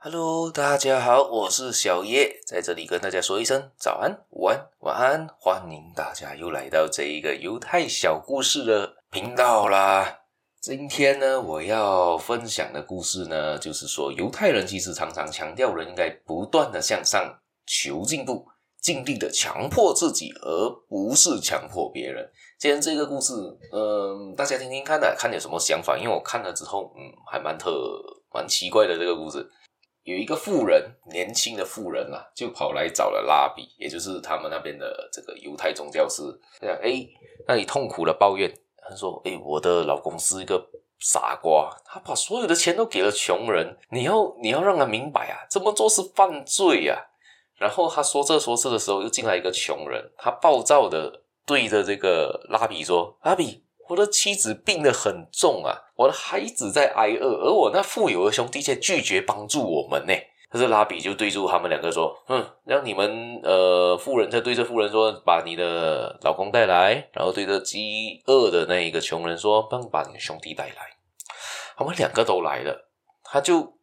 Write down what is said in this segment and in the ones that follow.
Hello，大家好，我是小葉，在這裡跟大家說一聲早安、午安、晚安，歡迎大家又來到這一個猶太小故事的頻道啦。今天呢，我要分享的故事呢，就是說猶太人其實常常強調人應該不斷的向上求進步，盡力的強迫自己，而不是強迫別人。既然這個故事，嗯、呃，大家聽聽看的、啊，看有什麼想法？因為我看了之後，嗯，還蠻特蠻奇怪的這個故事。有一個婦人，年輕的婦人啊，就跑來找了拉比，也就是他們那邊的這個猶太宗教師。這樣誒那你痛苦的抱怨，他說：誒我的老公是一個傻瓜，他把所有的錢都給了窮人。你要你要讓他明白啊，這麼做是犯罪啊。然後他說這說這的時候，又進來一個窮人，他暴躁的對着這個拉比說：拉比。”我的妻子病得很重啊，我的孩子在挨餓，而我那富有的兄弟卻拒絕幫助我們呢、欸。可是拉比就對住他們兩個說：“哼、嗯，讓你們呃富人，再對着富人說，把你的老公帶來，然後對着飢餓的那一個窮人說，幫你把你的兄弟帶來。”他們兩個都來了，他就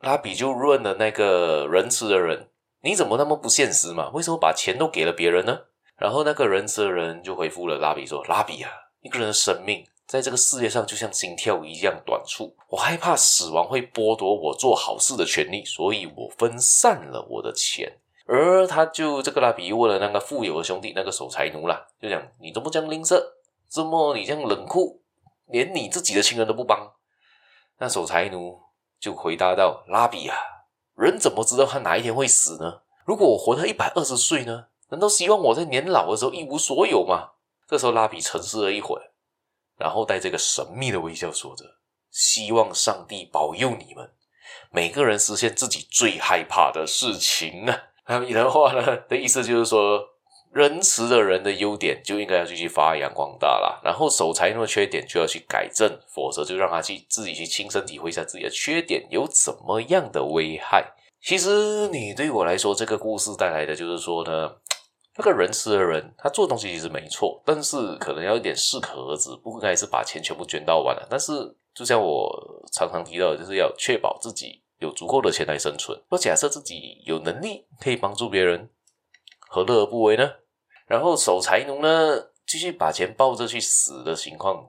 拉比就問了那個仁慈的人：“你怎麼那麼不現實嘛？為什麼把錢都給了別人呢？”然後那個仁慈的人就回復了拉比說：“拉比啊。”一個人的生命在這個世界上就像心跳一樣短促，我害怕死亡會剝奪我做好事的權利，所以我分散了我的錢。而他就這個拉比問了那個富有的兄弟，那個守財奴啦，就講你怎麼這樣吝嗇，怎麼你這樣冷酷，連你自己的親人都不幫？那守財奴就回答道：“拉比啊，人怎麼知道他哪一天會死呢？如果我活到一百二十歲呢？難道希望我在年老的時候一無所有嗎？”這時候，拉比沉思了一會兒，然後帶這個神秘的微笑，說着：“希望上帝保佑你們，每個人實現自己最害怕的事情啊。”你的話呢的意思就是說，仁慈的人的優點就應該要繼續發揚光大啦，然後守財奴的缺點就要去改正，否則就讓他去自己去親身體會一下自己的缺點有怎麼樣的危害。其實，你對我來說，這個故事帶來的就是說呢。那個仁慈的人，他做東西其實沒錯，但是可能要一點適可而止，不該是把錢全部捐到完了。但是就像我常常提到的，就是要確保自己有足夠的錢來生存。那假設自己有能力可以幫助別人，何樂而不為呢？然後守財奴呢，繼續把錢抱着去死的情況，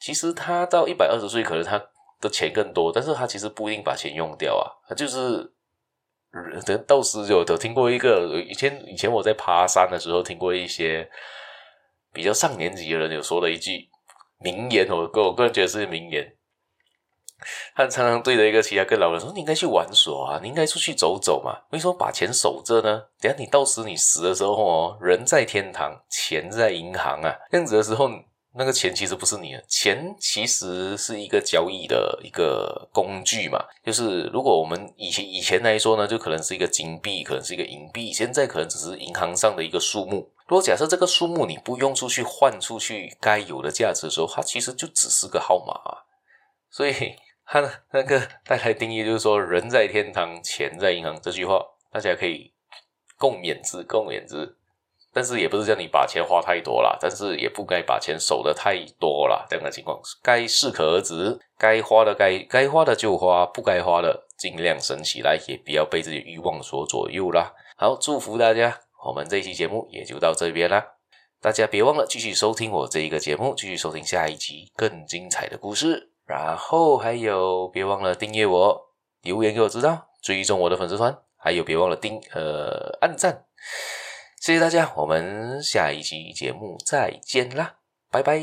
其實他到一百二十歲，可能他的錢更多，但是他其實不一定把錢用掉啊，他就是。人到時就有聽過一個，以前以前我在爬山的時候聽過一些比較上年紀的人有說了一句名言，我個我個人覺得是名言。他常常對着一個其他個老人說：“你應該去玩耍啊，你應該出去走走嘛。”為什麼把錢守着呢？等一下你到時你死的時候哦，人在天堂，錢在銀行啊，這樣子的時候。那個錢其實不是你的，錢其實是一個交易的一個工具嘛。就是如果我們以前以前來說呢，就可能是一個金幣，可能是一個銀幣，現在可能只是銀行上的一個數目。如果假設這個數目你不用出去換出去，該有的價值的時候，它其實就只是個號碼啊。所以它的那個大概定義就是說“人在天堂，錢在銀行”這句話，大家可以共勉之，共勉之。但是也不是叫你把錢花太多了，但是也不該把錢守得太多了，這樣的情況該適可而止，該花的該該花的就花，不該花的盡量省起來，也不要被自己的慾望所左右啦。好，祝福大家，我們這期節目也就到這邊啦。大家別忘了繼續收聽我這一個節目，繼續收聽下一集更精彩的故事。然後還有，別忘了訂閱我，留言給我知道，追蹤我的粉絲團，還有別忘了訂，呃，按讚。謝謝大家，我們下一期節目再見啦，拜拜。